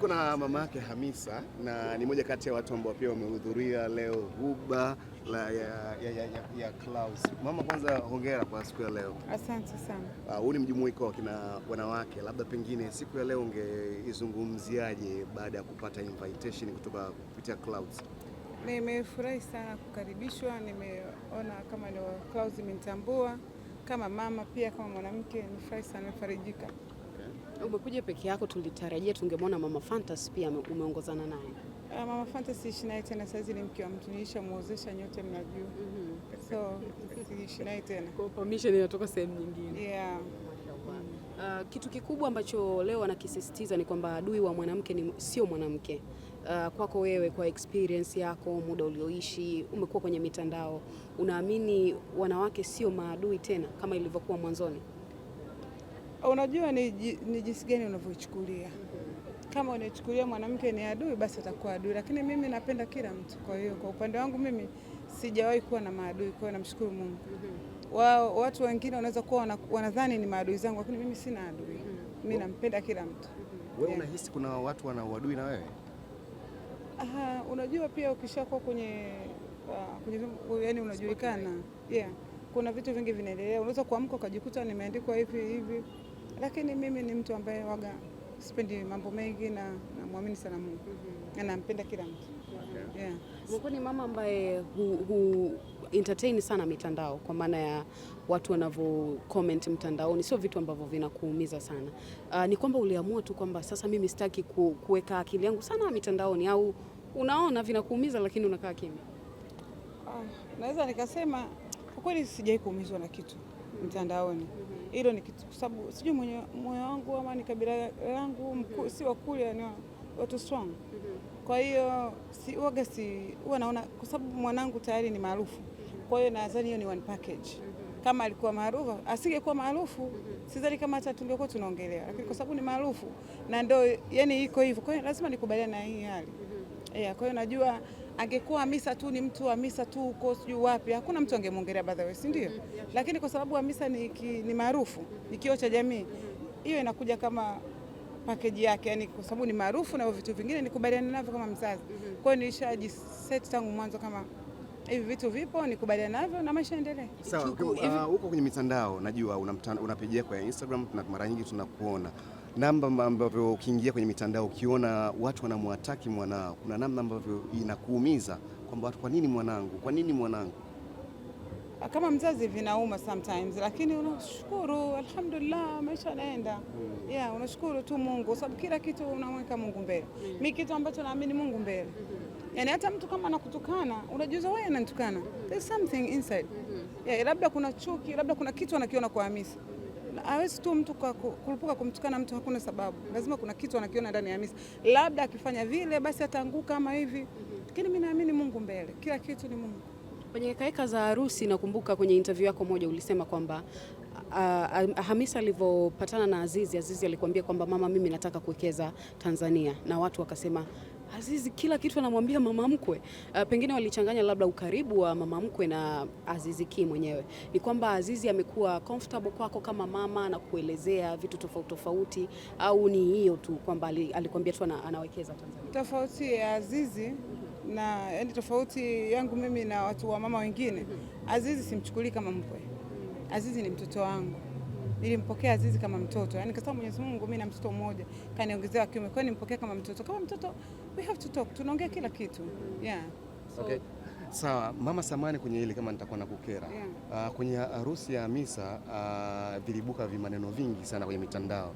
Tuko na mama yake Hamisa na ni moja kati ya watu ambao pia wamehudhuria leo huba la ya, ya, ya, ya Klaus. Mama, kwanza hongera kwa siku ya leo. Asante sana. Ah, huu uh, ni mjumuiko wa kina wanawake, labda pengine siku ya leo ungeizungumziaje baada ya kupata invitation kutoka kupitia Klaus? Nimefurahi sana kukaribishwa, nimeona kama ni Klaus imenitambua kama mama, pia kama mwanamke, nimefurahi sana, nimefarijika. Umekuja peke yako, tulitarajia tungemwona Mama Fantasy pia umeongozana naye. Uh, Mama Fantasy ishi naye tena saizi, ni mke wa mtu, muozesha, nyote mnajua. mm -hmm. So siishi naye tena kwa permission inatoka sehemu nyingine. yeah. Uh, kitu kikubwa ambacho leo anakisisitiza ni kwamba adui wa mwanamke ni sio mwanamke. Uh, kwako wewe, kwa experience yako, muda ulioishi, umekuwa kwenye mitandao, unaamini wanawake sio maadui tena kama ilivyokuwa mwanzoni? Unajua ni, ni jinsi gani unavyochukulia. Kama unachukulia mwanamke ni adui, basi atakuwa adui, lakini mimi napenda kila mtu. Kwa hiyo kwa upande wangu mimi sijawahi kuwa na maadui, kwa hiyo namshukuru Mungu. Wao watu wengine wanaweza kuwa wanadhani ni maadui zangu, lakini mimi sina adui, mimi nampenda kila mtu. Wewe unahisi kuna watu wana uadui na wewe? Aha, unajua pia ukishakuwa kwenye ah, yani unajulikana yeah. Kuna vitu vingi vinaendelea, unaweza kuamka ukajikuta nimeandikwa hivi hivi lakini mimi ni mtu ambaye waga sipendi mambo mengi na namwamini sana Mungu mhm. na nampenda kila mtu. Okay. Yeah. Mungu ni mama ambaye hu, hu entertain sana mitandao kwa maana ya watu wanavyo comment mtandaoni, sio vitu ambavyo vinakuumiza sana. Uh, ni kwamba uliamua tu kwamba sasa mimi sitaki kuweka akili yangu sana mitandaoni, au unaona vinakuumiza lakini unakaa kimya? Uh, naweza nikasema kwa kweli sijai kuumizwa na kitu mtandaoni. Mhm. Hilo ni kitu, kwa sababu sijui moyo wangu ama ni kabila langu mhm. mku, si wakule ni watu strong. Mhm. Kwa hiyo si uoga si huwa naona, kwa sababu mwanangu tayari ni maarufu, kwa hiyo nadhani hiyo ni one package kama alikuwa maarufu asingekuwa maarufu, sidhani kama hata tungekuwa tunaongelea, lakini kwa sababu ni maarufu na ndo yani iko hivyo, kwa hiyo lazima nikubaliane na hii hali yeah. Kwa hiyo najua Angekuwa Hamisa tu ni mtu Hamisa tu huko sijui wapi, hakuna mtu angemwongelea by the way, si ndio? Mm-hmm. Lakini kwa sababu Hamisa ni, ni maarufu, ni kioo cha jamii, hiyo inakuja kama pakeji yake, yani kwa sababu ni maarufu na vitu vingine nikubaliana navyo kama mzazi. Mm-hmm. Kwa hiyo nilishajiset tangu mwanzo kama hivi vitu vipo, nikubaliana navyo na maisha endelee. Sawa, uh, huko kwenye mitandao najua unapigia kwa Instagram na mara nyingi tunakuona namna ambavyo ukiingia kwenye mitandao ukiona watu wanamwataki mwanao, kuna namna ambavyo inakuumiza kwamba watu, kwa nini mwanangu, kwa nini mwanangu? Ah, kama mzazi vinauma sometimes, lakini unashukuru, alhamdulillah, maisha yanaenda mm. Yeah, unashukuru tu Mungu sababu kila kitu unamweka Mungu mbele mm. Mi kitu ambacho naamini Mungu mbele mm -hmm. Yani hata mtu kama anakutukana unajuza wewe ananitukana, there's something inside mm -hmm. Yeah, labda kuna chuki, labda kuna kitu anakiona kwa Hamisi hawezi tu mtu kulipuka kumtukana mtu, hakuna sababu, lazima kuna kitu anakiona ndani ya Hamisa, labda akifanya vile basi ataanguka ama hivi, lakini mimi naamini Mungu mbele, kila kitu ni Mungu. Kwenye kaeka za harusi, nakumbuka kwenye interview yako moja ulisema kwamba uh, Hamisa alivyopatana na Azizi, Azizi alikwambia kwamba mama, mimi nataka kuwekeza Tanzania, na watu wakasema Azizi kila kitu anamwambia mama mkwe. Uh, pengine walichanganya labda ukaribu wa mama mkwe na Azizi Ki mwenyewe. Ni kwamba Azizi amekuwa comfortable kwako kama mama na kuelezea vitu tofauti tofauti, au ni hiyo tu kwamba alikwambia tu anawekeza Tanzania? Tofauti ya Azizi na yani, tofauti yangu mimi na watu wa mama wengine, Azizi simchukuli kama mkwe. Azizi ni mtoto wangu nilimpokea Azizi kama mtoto, yani kasema Mwenyezi Mungu, mimi na mtoto mmoja kaniongezea kiume, kwa hiyo nimpokea kama mtoto, kama mtoto. We have to talk, tunaongea kila kitu yeah. so, okay. Sawa mama, samani kwenye hili kama nitakuwa nakukera yeah. Uh, kwenye harusi ya Hamisa uh, ah, vilibuka vimaneno vingi sana kwenye mitandao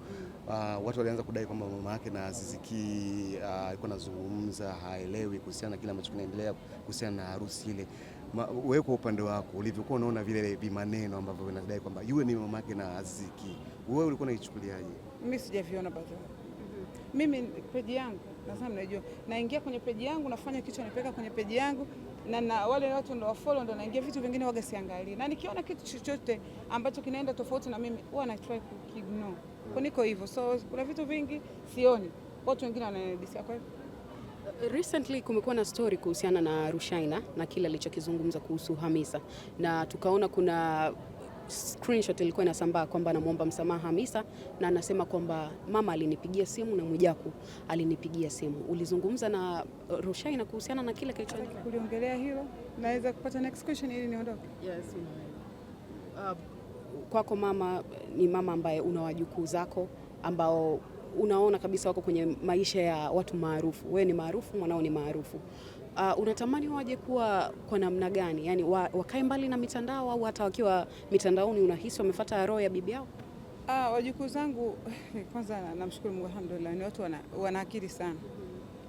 uh, watu walianza kudai kwamba mama yake na Aziziki alikuwa uh, anazungumza haelewi kuhusiana na kile ambacho kinaendelea kuhusiana na harusi ile. Wewe kwa upande wako ulivyokuwa unaona vile vimaneno ambavyo vinadai kwamba yule ni mama yake na Aziziki, wewe ulikuwa unaichukuliaje? Mimi sijaviona bado. Mimi peji yangu nadhani mnajua, naingia kwenye peji yangu nafanya kitu napeleka kwenye peji yangu na, na wale watu ndo wafollow ndo naingia, vitu vingine waga siangalie, na nikiona kitu chochote ambacho kinaenda tofauti na mimi huwa na try ku ignore, kwa niko hivyo. So kuna vitu vingi sioni, watu wengine wananidisia. Kwa hiyo recently kumekuwa na story kuhusiana na rushaina na kile alichokizungumza kuhusu Hamisa na tukaona kuna screenshot ilikuwa inasambaa kwamba anamwomba msamaha Hamisa, na anasema kwamba mama alinipigia simu na Mwijaku alinipigia simu. Ulizungumza na Rushaina kuhusiana na kile kilicho kuliongelea hilo? Naweza kupata next question ili niondoke? Yes, uh, kwako mama ni mama ambaye una wajukuu zako ambao unaona kabisa wako kwenye maisha ya watu maarufu. Wewe ni maarufu, mwanao ni maarufu uh, unatamani waje kuwa kwa namna gani? Yani wa, wakae mbali na mitandao au hata wakiwa mitandaoni unahisi wamefuata roho ya bibi yao? Ah, wajukuu zangu kwanza namshukuru Mungu alhamdulillah, ni watu wana, wana akili sana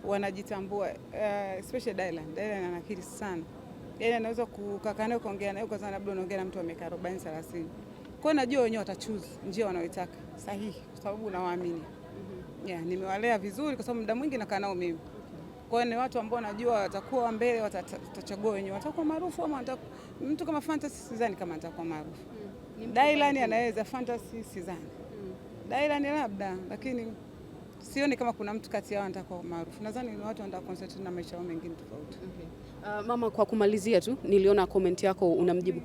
wanajitambua, uh, especially Dylan. Dylan ana akili sana yani, anaweza kukaa naye kuongea naye kwanza, labda unaongea na mtu wa miaka 40 30 kwa hiyo najua wenyewe watachoose njia wanayotaka sahihi, kwa sababu nawaamini. Mm -hmm. Yeah, nimewalea vizuri kwa sababu muda mwingi nakaa nao mimi. Mm kwa hiyo ni watu ambao najua watakuwa mbele, watachagua wenyewe, watakuwa maarufu ama mtu kama Fantasy, sidhani kama atakuwa maarufu. Mm. Dylan anaweza, Fantasy sidhani. Mm. Dylan labda, lakini sioni kama kuna mtu kati yao anataka maarufu. Nadhani ni watu wanataka concentrate na maisha yao mengine tofauti. Okay. Uh, mama, kwa kumalizia tu niliona comment yako unamjibu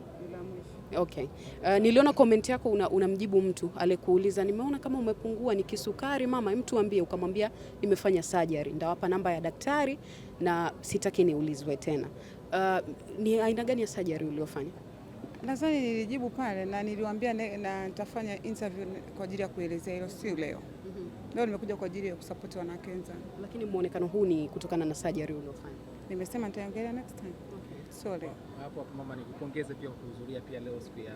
Okay. Uh, niliona comment yako unamjibu una mtu alikuuliza, nimeona kama umepungua, ni kisukari mama, mtu ambie, ukamwambia nimefanya surgery, ndawapa namba ya daktari na sitaki niulizwe tena. Uh, ni aina gani ya surgery uliofanya? Nadhani nilijibu pale na niliwaambia na nitafanya interview kwa ajili ya kuelezea hilo, sio leo. mm -hmm. Leo nimekuja kwa ajili ya kusapoti wanawake wenzangu, lakini muonekano huu ni kutokana na surgery uliofanya. Nimesema nitaongelea next time. Okay. Sole. Hapo hapo mama, nikupongeze pia kuhudhuria pia leo siku ya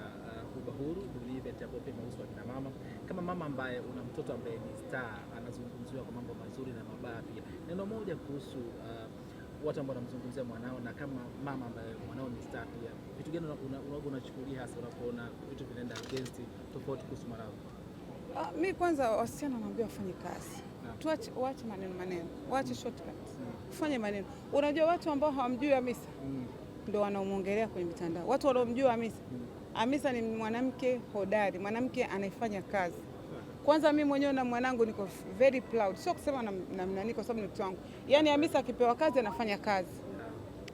Ghuba uh, Huru, Dunia event ambayo pia inahusu akina mama. Kama mama ambaye una mtoto ambaye ni star, anazungumziwa kwa mambo mazuri na mabaya pia, neno moja kuhusu uh, watu ambao wanamzungumzia mwanao na kama mama ambaye mwanao ni star pia, vitu gani unachukulia hasa unapoona vitu vinaenda against tofauti kuhusu mwanao? Uh, mi kwanza wasichana naambia wafanye kazi ah. tuache, waache maneno maneno, waache mm. shortcut, mm. fanye maneno. Unajua watu ambao hawamjui Hamisa mm ndo wanaomwongelea kwenye mitandao. Watu waliomjua Hamisa, Hamisa ni mwanamke hodari, mwanamke anayefanya kazi. Kwanza mimi mwenyewe na mwanangu niko very proud, sio kusema na namnani, kwa sababu ni mtu wangu. Yaani Hamisa akipewa kazi anafanya kazi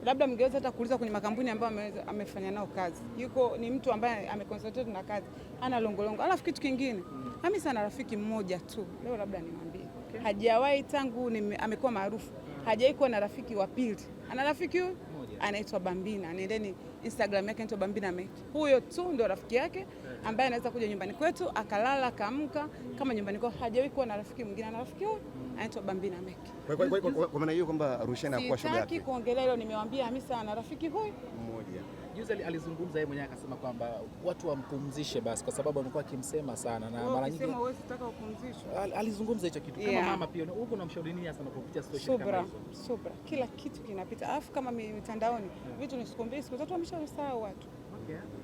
labda mngeweza hata kuuliza kwenye makampuni ambayo amefanya nao kazi. Yuko ni mtu ambaye ameconcentrate na kazi, ana longolongo. Alafu kitu kingine, Hamisa ana rafiki mmoja tu, leo labda nimwambie, hajawahi tangu amekuwa maarufu, hajawahi kuwa na rafiki wa pili. Ana rafiki huyu anaitwa Bambina, nendeni Instagram yake anaitwa Bambina Meki. Huyo tu ndio rafiki yake ambaye anaweza kuja nyumbani kwetu akalala akaamka kama nyumbani kwao, hajawahi kuwa na rafiki mwingine, ana rafiki huyo anaitwa Bambina Meki. Kwa maana hiyo kwamba Rushaynah kwa shughuli yake, sitaki kuongelea hilo, nimewambia Hamisa ana rafiki huyu Juzi alizungumza yeye mwenyewe akasema kwamba watu wampumzishe basi, kwa sababu amekuwa akimsema sana na mara nyingi wewe unataka kupumzishwa. Alizungumza hicho kitu yeah. Kama mama pia huko unamshauri nini hasa unapopitia situation kama hizo? Subra, kila kitu kinapita, alafu kama mitandaoni yeah. Vitu ni siku mbili siku tatu wameshausahau watu okay.